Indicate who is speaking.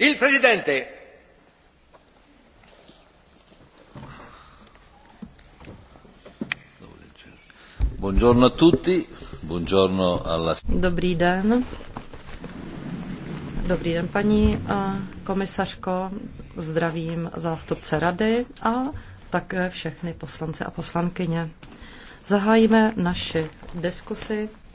Speaker 1: Il Presidente.
Speaker 2: Buongiorno a tutti, buongiorno alla...
Speaker 3: Dobrý den. Dobrý den, paní eh, komisařko. Zdravím zástupce rady a také všechny poslance a poslankyně. Zahájíme naši diskusi.